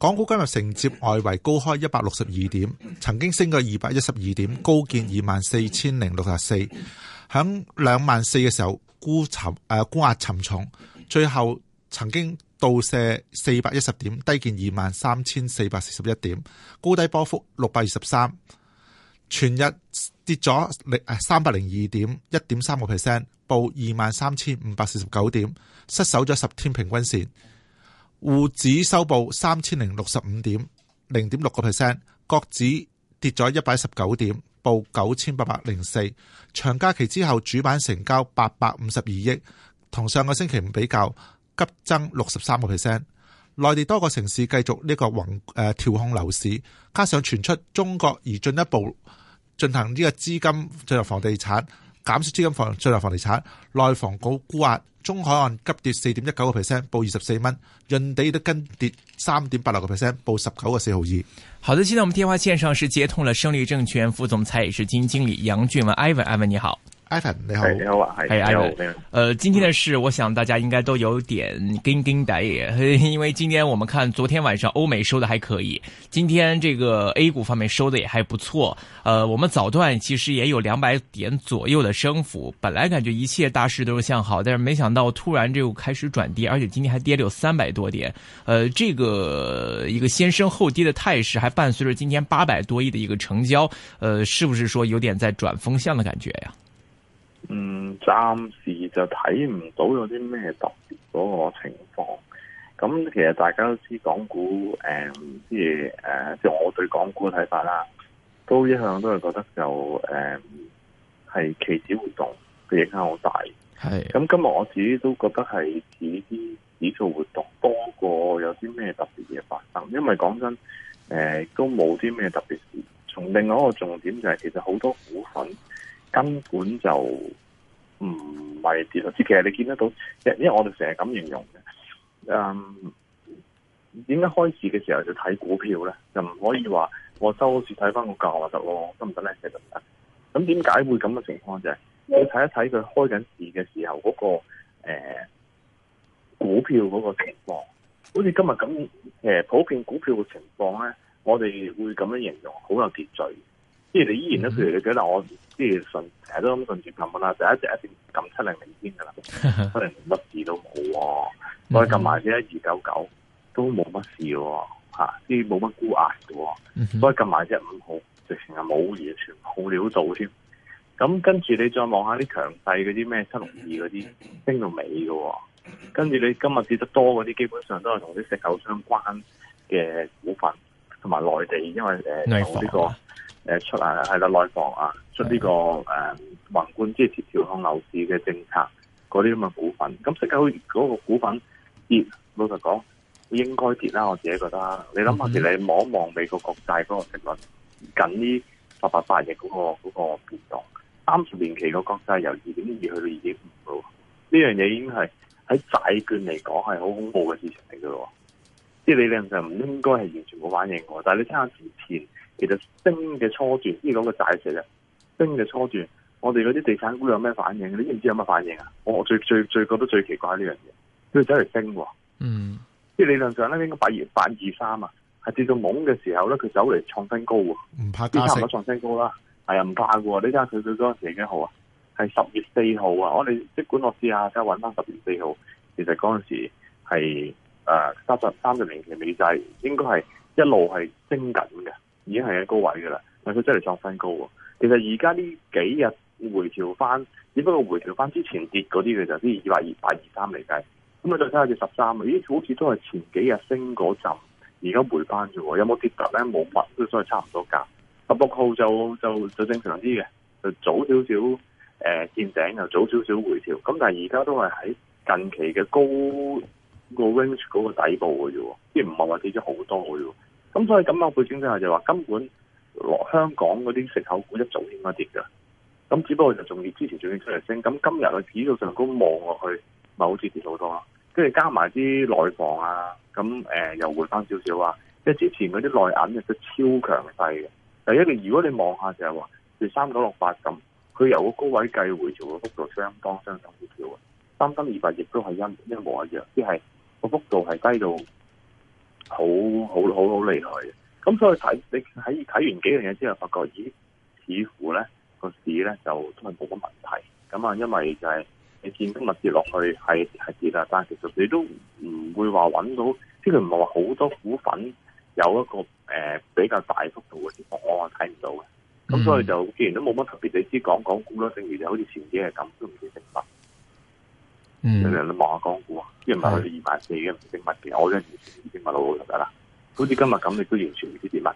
港股今日承接外圍高開一百六十二點，曾經升過二百一十二點，高見二萬四千零六十四。響兩萬四嘅時候，沽沉誒沽壓沉重，最後曾經倒瀉四百一十點，低見二萬三千四百四十一點，高低波幅六百二十三，全日跌咗三百零二點，一點三個 percent，報二萬三千五百四十九點，失守咗十天平均線。滬指收報三千零六十五點零點六個 percent，國指跌咗一百十九點，報九千八百零四。長假期之後主板成交八百五十二億，同上個星期五比較急增六十三個 percent。內地多個城市繼續呢個宏誒調控樓市，加上傳出中國而進一步進行呢個資金進入房地產。減少資金放最大房地產，內房股沽壓，中海岸急跌四點一九個 percent，報二十四蚊；潤地都跟跌三點八六個 percent，報十九個四毫二。好的，現在我們電話線上是接通了勝利證券副總裁也是基金經理楊俊文 Ivan，Ivan 你好。Ivan，你好，你好啊，艾你好。呃，今天的事，我想大家應該都有點驚驚哋，因為今天我們看昨天晚上歐美收的還可以，今天這個 A 股方面收的也還不錯。呃，我們早段其實也有兩百點左右的升幅，本來感覺一切大勢都是向好，但是沒想到突然就開始轉跌，而且今天還跌了有三百多點。呃，這個一個先升後跌的態勢，還伴隨着今天八百多億的一個成交，呃，是不是說有點在轉風向的感覺呀、啊？暫時就睇唔到有啲咩特別嗰個情況，咁其實大家都知港股，誒、嗯，即係誒，即、嗯、係我對港股嘅睇法啦，都一向都係覺得就誒，係期指活動嘅影響好大。係，咁今日我自己都覺得係指啲指數活動多過有啲咩特別嘢發生，因為講真，誒、嗯，都冇啲咩特別事。從另外一個重點就係、是，其實好多股份根本就。唔係跌，其實你見得到，因為我哋成日咁形容嘅。嗯，點解開市嘅時候就睇股票咧？就唔可以話我收市睇翻個價得咯？得唔得咧？其實唔得。咁點解會咁嘅情況啫？就係你睇一睇佢開緊市嘅時候嗰個誒股票嗰個情況，好似今日咁誒普遍股票嘅情況咧，我哋會咁樣形容，好有秩序。即係你依然咧，譬如你講，覺得我即係順成日都咁順住撳咁啦，就一直一直撳七零零先噶啦，七零零乜事都冇，所以撳埋隻一二九九都冇乜事吓，啲冇乜孤壓嘅，所以撳埋隻五號直情係冇完全好料到添。咁跟住你再望下啲強勢嗰啲咩七六二嗰啲升到尾嘅，跟住你今日跌得多嗰啲，基本上都係同啲石油相關嘅股份，同埋內地，因為誒呢、這個。誒，出啊、這個，係啦，內房啊，出呢個誒宏觀支持調控樓市嘅政策嗰啲咁嘅股份，咁即係嗰嗰個股份跌，老實講應該跌啦，我自己覺得。你諗下，時你望一望美國國債嗰個成率，近啲八八八億嗰、那個嗰、那個變動，三十年期國2 .2. 到 2. 到 2.、這個國債由二點一二去到二點五嘅，呢樣嘢已經係喺債券嚟講係好恐怖嘅事情嚟嘅咯。即係理論上唔應該係完全冇反應嘅，但係你聽下之前。其實升嘅初段，呢、這個個大勢啊，升嘅初段，我哋嗰啲地產股有咩反應？你知唔知有乜反應啊？我最最最覺得最奇怪呢樣嘢，佢走嚟升，嗯，即係理論上咧，應該八二八二三啊，係跌到懵嘅時候咧，佢走嚟創新高啊，唔怕啲差唔多創新高啦，係啊，唔怕嘅，你睇下佢佢嗰陣時幾號啊？係十月四號啊，我哋即管我試下，睇下搵翻，十月四號，其實嗰陣時係誒三十三十年期美債，應該係一路係升緊嘅。已經係喺高位嘅啦，但佢真係創新高喎。其實而家呢幾日回調翻，只不過回調翻之前跌嗰啲嘅就先二百二百二三嚟計。咁啊，再睇下隻十三，咦，好似都係前幾日升嗰陣，現在而家回翻咗喎。有冇跌頭咧？冇乜，都所以差唔多價。十六號就就就正常啲嘅，就早少少誒見頂又早少少回調。咁但係而家都係喺近期嘅高個 range 嗰個底部嘅啫，即係唔係話跌咗好多嘅。咁所以咁嘅背景之下就話，根本香港嗰啲食口股一早應該跌噶，咁只不過就仲要之前仲要出嚟升。咁今日佢指數上高望落去，咪好似跌好多啊？跟住加埋啲內房啊，咁誒、呃、又回翻少少啊。即係之前嗰啲內銀亦都超強勢嘅。第一，個如果你望下就係話，跌三九六八咁，佢由個高位計回調嘅幅度相當相當少少啊。三三二八亦都係陰一模一樣，即、就、係、是、個幅度係低到。好好好好厲害嘅，咁所以睇你喺睇完幾樣嘢之後，發覺咦，似乎咧個市咧就都係冇乜問題，咁啊，因為就係、是、你見啲物跌落去係係跌啊，但係其實你都唔會話揾到，即係唔係話好多股份有一個誒、呃、比較大幅度嘅情況，我睇唔到嘅，咁所以就既然都冇乜特別，你知講講咁多，正如就好似前幾日咁都唔知點啊。人人望下港股啊，即係唔係佢哋二萬四已經唔知乜嘅，我咧完全唔知乜路路就得啦。好似今日咁，你都完全唔知點乜。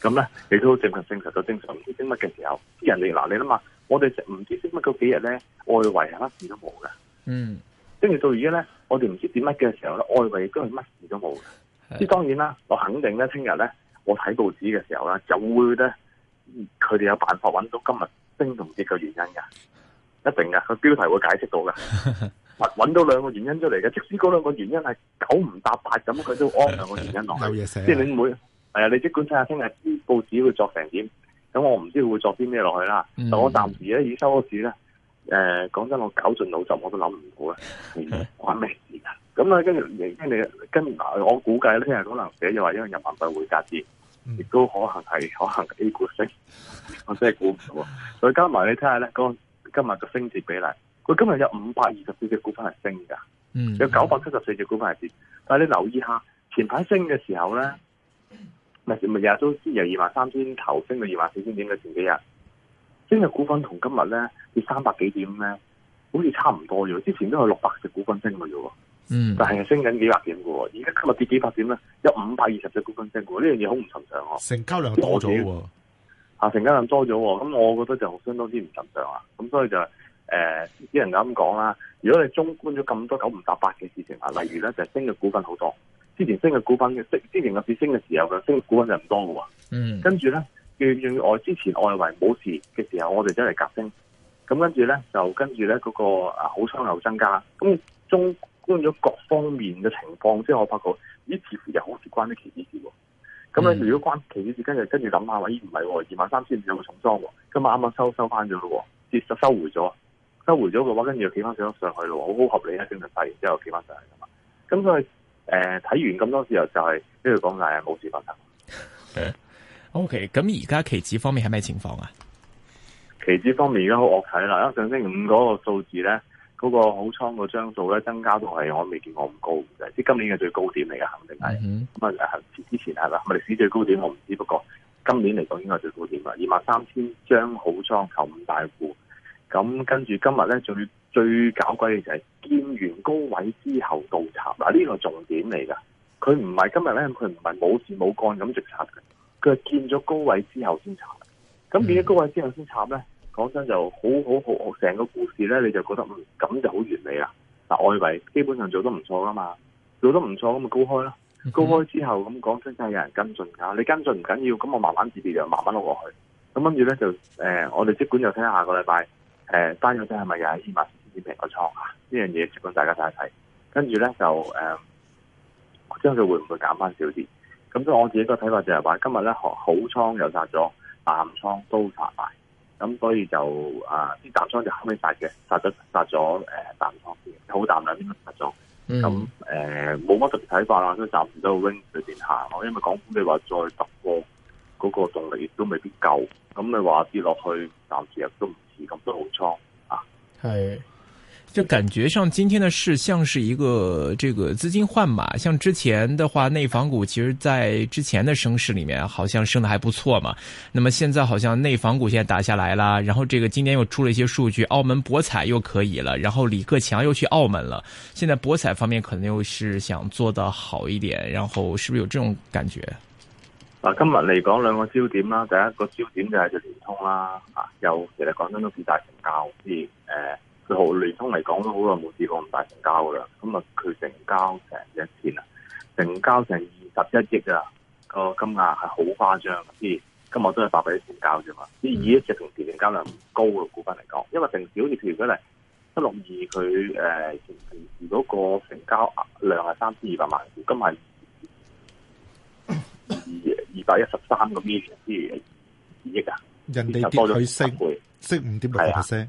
咁咧你都正常正常到正常唔知升乜嘅時候，啲人嚟嗱你啦嘛，我哋唔知乜嗰幾日咧，外圍係乜事都冇嘅。嗯，跟住到而家咧，我哋唔知點乜嘅時候咧，外圍亦都係乜事都冇嘅。即係當然啦，我肯定咧，聽日咧我睇報紙嘅時候啦，就會咧，佢哋有辦法揾到今日升同跌嘅原因噶，一定嘅，個標題會解釋到嘅。 揾到兩個原因出嚟嘅，即使嗰兩個原因係九唔搭八咁，佢都安兩個原因落去。有啊、即係你唔會，係啊，你即管睇下聽日啲報紙會作成點。咁我唔知會，會作啲咩落去啦。嗯、但我暫時咧，已收咗市咧，誒，講真，我搞盡腦汁，我都諗唔到咧。係、嗯、啊、嗯，關咩事啊？咁咧，跟住，跟住，跟我估計咧，聽日可能寫咗話因為人民幣會價跌，亦都可能係可能 A 股升。我真係估唔到。再加埋你睇下咧，今今日嘅升跌比例。佢今日有五百二十四隻股份係升噶，有九百七十四隻股份係跌。但係你留意下，前排升嘅時候咧，咪咪日日都先由二萬三千頭升到二萬四千點嘅前幾日，升嘅股份同今日咧跌三百幾點咧，好似差唔多咗。之前都有六百隻股份升嘅啫。嗯，但係升緊幾百點嘅，而家今日跌幾百點咧，有五百二十隻股份升嘅，呢樣嘢好唔尋常。成交量多咗，啊，成交量多咗，咁我覺得就相當之唔尋常啊。咁所以就。誒、呃，啲人咁講啦。如果你中觀咗咁多九唔搭八嘅事情啊，例如咧就是，升嘅股份好多。之前升嘅股份嘅，升，之前嘅市升嘅時候嘅升嘅股份就唔多嘅喎。嗯，跟住咧，要仲要之前外圍冇事嘅時候，我哋真係夾升。咁跟住咧，就跟住咧嗰個啊好倉又增加。咁中觀咗各方面嘅情況，即係我發覺，咦似乎又好似關啲期指事喎。咁，嗯、你如果關期指事跟住跟住諗下，咦唔係二萬三千有個重裝喎，咁啊啱啱收收翻咗咯，跌就收回咗。收回咗嘅話，跟住又企翻上咗上去咯，好好合理啊！升完大完之後企翻上嚟噶嘛。咁再誒睇完咁多之後，就係呢度講緊係冇事發生。OK，咁而家期指方面係咩情況啊？期指方面而家好惡睇啦！因為上星期五嗰個數字咧，嗰、嗰個好倉嗰張數咧增加到係我未見過咁高嘅啫，即係今年嘅最高點嚟嘅，肯定係。咁啊，之前係咪歷史最高點我唔知，不過今年嚟講應該係最高點啦，二萬三千張好倉求五大戶。咁跟住今日咧，最最搞鬼嘅就係見完高位之後倒插嗱，呢、啊，這個重點嚟噶。佢唔係今日咧，佢唔係冇事冇幹咁直插嘅，佢係見咗高位之後先插。咁見咗高位之後先插咧，講真就好好好成個故事咧，你就覺得咁、嗯、就好完美啦。嗱、啊，外圍基本上做得唔錯噶嘛，做得唔錯咁咪高開啦、嗯，高開之後咁講真真係有人跟進㗎。你跟進唔緊要，咁我慢慢自跌就慢慢落過去。咁跟住咧就、呃、我哋即管就睇下下個禮拜。誒、呃，單個仔係咪又喺天馬先平個倉啊？呢樣嘢，接翻大家睇一睇，跟住咧就誒，將、呃、佢會唔會減翻少啲？咁所以我自己個睇法就係話，今日咧好倉又殺咗，淡倉都殺埋，咁所以就誒，啲淡倉就後尾殺嘅，殺咗殺咗誒，淡倉好淡，兩邊都殺咗？咁、嗯、誒，冇、呃、乜特別睇法啦，都暫時都 wing 裏邊我因為港股你話再突破。嗰、那個動力都未必夠，咁你話跌落去，暫時亦都唔似咁多空啊。係，就感覺上今天的事，像是一個這個資金換馬。像之前的話，內房股其實在之前的升勢裡面，好像升得還不錯嘛。那麼現在好像內房股現在打下來啦，然後這個今天又出了一些數據，澳門博彩又可以了，然後李克強又去澳門了，現在博彩方面可能又是想做得好一點，然後是不是有這種感覺？嗱，今日嚟講兩個焦點啦，第一個焦點就係佢聯通啦，啊，又其實講真都幾大成交，即係誒，佢好聯通嚟講都好耐冇試過咁大成交噶啦，咁啊佢成交成一千啊，成交成二十一億啊，個金額係好誇張，知今日都係八百億成交啫嘛，以一隻同時成交量高嘅股份嚟講，因為平時好似譬如嗰嚟七六二佢誒，如果、呃、個成交量係三千二百萬，今日大一十三個 p e r c n 之二億啊，人哋跌去升，升五點六 percent，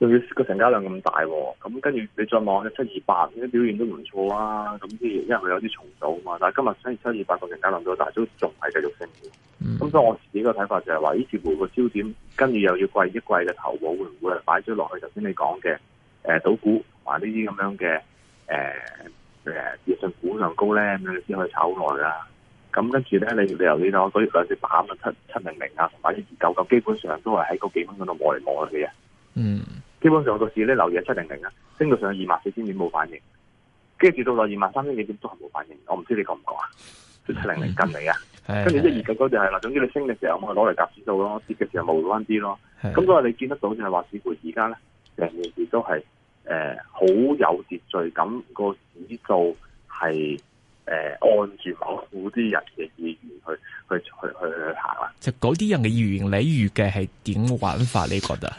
仲要個成交量咁大、啊，咁跟住你再望下七二八，啲表現都唔錯啊，咁之餘，因為佢有啲重組啊嘛，但係今日七七二八個成交量咁大繼，都仲係繼續升嘅。咁所以我自己個睇法就係、是、話，呢似乎個焦點跟住又要貴一貴嘅投保會唔會擺擺咗落去？頭、欸、先、欸、你講嘅，誒，賭股同埋呢啲咁樣嘅，誒誒，電信股上高咧，咁樣先可以炒耐噶、啊。咁跟住咧，你你又呢檔，所以兩隻板啊，七七零零啊，同埋一二九九，基本上都係喺嗰幾蚊嗰度摸嚟摸去嘅嘢。嗯，基本上我到時咧，留意七零零啊，升到上二萬四千點冇反應，跟住到到二萬三千幾點都係冇反應。我唔知你覺唔覺啊？即七零零近你啊，跟住一二九九就係、是、啦。總之你升嘅時候，我咪攞嚟夾指數咯；跌嘅時候，冇翻啲咯。咁所以你見得到就係話，似乎而家咧成件事都係誒好有秩序，咁、那個指數係。誒、呃，按住某啲人嘅意願去去去去去行啦。即係嗰啲人嘅意願，你預計係點玩法？你覺得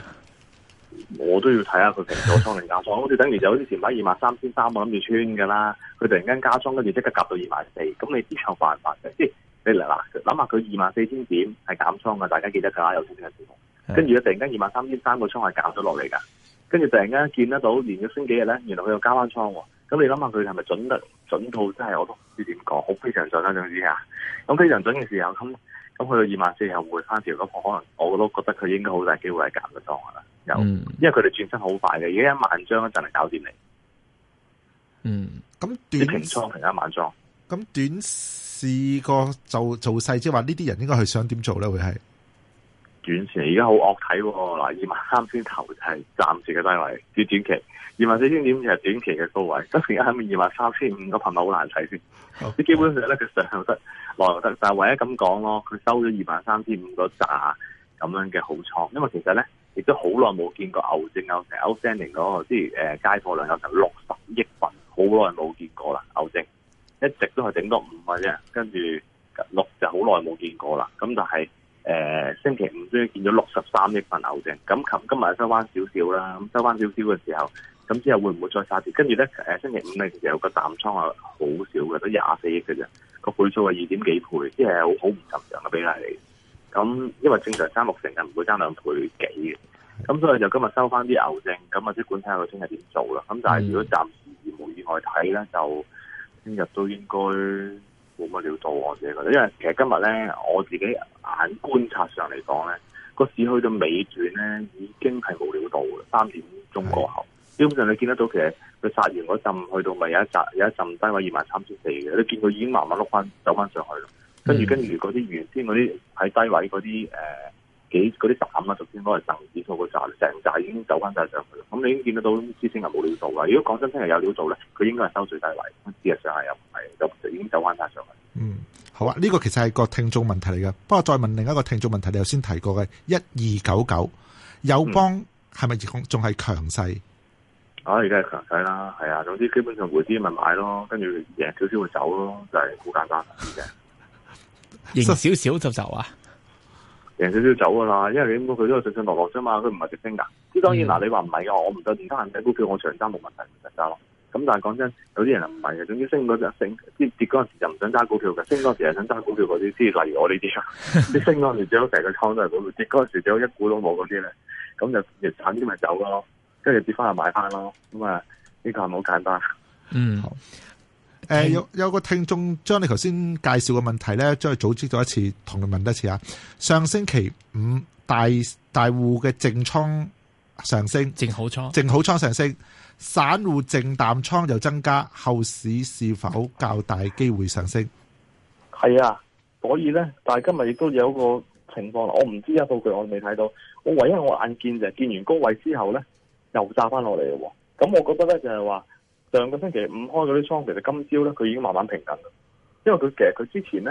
？我都要睇下佢平咗倉定加倉，好似等於就好似前排二萬三千三，我諗住穿噶啦。佢突然間加倉，跟住即刻夾到二萬四，咁、哎、你有冇辦法？即係你嗱諗下，佢二萬四千點係減倉噶，大家記得噶啦。有啲咩情況？跟住佢突然間二萬三千三個倉係減咗落嚟噶，跟住突然間見得到，連咗星幾日咧，原來佢又加翻倉。咁你諗下佢係咪準得準到真係？我都唔知點講，好非常準啦，總之啊，咁非常準嘅時候，咁咁去到二萬四又回翻條，咁我可能我都覺得佢應該好大機會係減咗倉啦。因為佢哋轉身好快嘅，而家一萬張一陣嚟，搞掂你。嗯，咁短倉，平，平一萬張。咁短視個做做勢，即係話呢啲人應該去想點做咧？會係？短線而家好惡睇喎、哦，嗱二萬三千頭就係暫時嘅低位，短短期二萬四千點就係短期嘅高位，咁而家係咪二萬三千五個朋友好難睇先，okay. 基本上咧佢上又得落又得，但係唯一咁講咯，佢收咗二萬三千五個炸咁樣嘅好倉，因為其實咧亦都好耐冇見過牛證有成 outstanding 嗰個，即係誒街貨量有成六十億份，好耐冇見過啦牛證，一直都係頂多五萬啫，跟住六就好耐冇見過啦，咁但係。誒、呃，星期五終於見咗六十三億份牛證，咁琴今日收翻少少啦，咁收翻少少嘅時候，咁之後會唔會再下跌？跟住咧，誒、呃，星期五咧其實有個淡倉係好少嘅，都廿四億嘅啫，個倍數係二點幾倍，即係好好唔尋常嘅比例。咁因為正常爭六成嘅唔會爭兩倍幾嘅，咁所以就今日收翻啲牛證，咁啊即管睇下佢聽日點做啦。咁但係如果暫時無意外睇咧，就聽日都應該。冇乜料到我自己覺得。因為其實今日咧，我自己眼觀察上嚟講咧，個市去到尾段咧，已經係冇料到。三點鐘過後，基本上你見得到，其實佢殺完嗰陣，去到咪有一扎有一陣低位二萬三千四嘅，你見佢已經慢慢碌翻走翻上去咯。跟住跟住嗰啲原先嗰啲喺低位嗰啲誒。呃幾嗰啲膽啦，昨天嗰個滯指數扎，成扎已經走翻晒上去咁、嗯、你已經見得到啲先係冇料到啦。如果講真，聽日有料到咧，佢應該係收最低位，事實上係又唔係，就已經走翻晒上去。嗯，好啊，呢、呢個其實係個聽眾問題嚟嘅。不過再問另一個聽眾問題，你頭先提過嘅一二九九友邦係咪仲係強勢？啊，而家係強勢啦，係啊，總之基本上回啲咪買咯，跟住贏少少會走咯，就係、是、好簡單啲嘅。贏 少少就走啊？少少走噶啦，因為你佢都係上上落落啫嘛，佢唔係直升噶。之當然嗱，你話唔係嘅，我唔對其他人嘅股票，我長揸冇問題，唔使揸咯。咁但係講真，有啲人唔係嘅，總之升，升嗰陣升，跌跌陣時就唔想揸股票嘅，升嗰時係想揸股票嗰啲，即係例如我呢啲啦。即升嗰時最好成個倉都係股票，跌嗰時最好一股都冇嗰啲咧。咁就越慘啲咪走咯，跟住跌翻又買翻咯。咁啊，呢個係好簡單。嗯。誒、呃，有有個聽眾將你頭先介紹嘅問題咧，將佢組織咗一次，同你問多次啊。上星期五大大戶嘅淨倉上升，淨好倉，淨好倉上升，散戶淨淡倉又增加，後市是否較大機會上升？係啊，所以咧，但係今日亦都有個情況啦。我唔知啊，數據我未睇到。我唯一我眼見就係見完高位之後咧，又炸翻落嚟嘅。咁我覺得咧就係話。上個星期五開嗰啲倉，其實今朝咧佢已經慢慢平衡緊啦。因為佢其實佢之前咧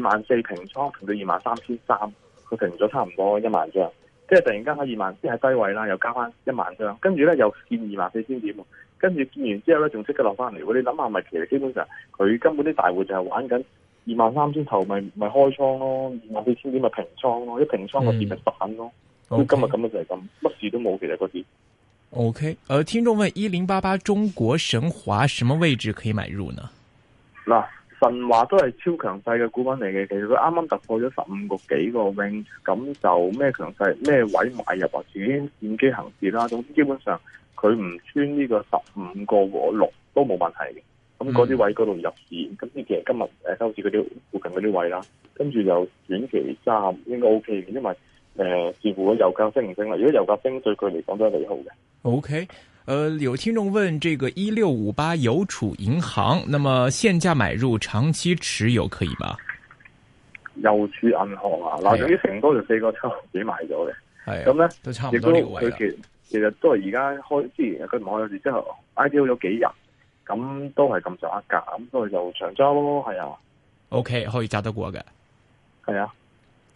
二萬四平倉平到二萬三千三，佢平咗差唔多一萬張，即係突然間喺二萬即係低位啦，又加翻一萬張，跟住咧又見二萬四千點，跟住見完之後咧仲即刻落翻嚟。你諗下咪，其實基本上佢根本啲大戶就係玩緊二萬三千頭、就是，咪、就、咪、是、開倉咯，二萬四千點咪平倉咯，一平倉個跌咪散咯。咁、嗯、今日咁樣就係咁，乜、okay. 事都冇其實嗰時。O K，而聽眾問一零八八中國神華什麼位置可以買入呢？嗱，神華都係超強勢嘅股份嚟嘅，其實佢啱啱突破咗十五個幾個泳，咁就咩強勢咩位買入啊，或者見機行事啦。總之基本上佢唔穿呢個十五個我六都冇問題嘅，咁嗰啲位嗰度入市，咁呢期今日誒，收市嗰啲附近嗰啲位啦，跟住又短期揸應該 O K 嘅，因為誒、呃、似乎個油價升唔升啦？如果油價升，對佢嚟講都係利好嘅。O、okay, K，呃，有聽眾問，這個一六五八郵儲銀行，那麼現價買入，長期持有可以嗎？郵儲銀行啊，嗱、啊，總之成多就四個七毫幾買咗嘅，係咁咧都差唔多啲位、啊、多個位其實其實都係而家開之前佢唔開嗰時之後 IPO 咗幾日，咁都係咁上下價，咁所以就長揸咯，係啊。O、okay, K，可以揸得過嘅，係啊。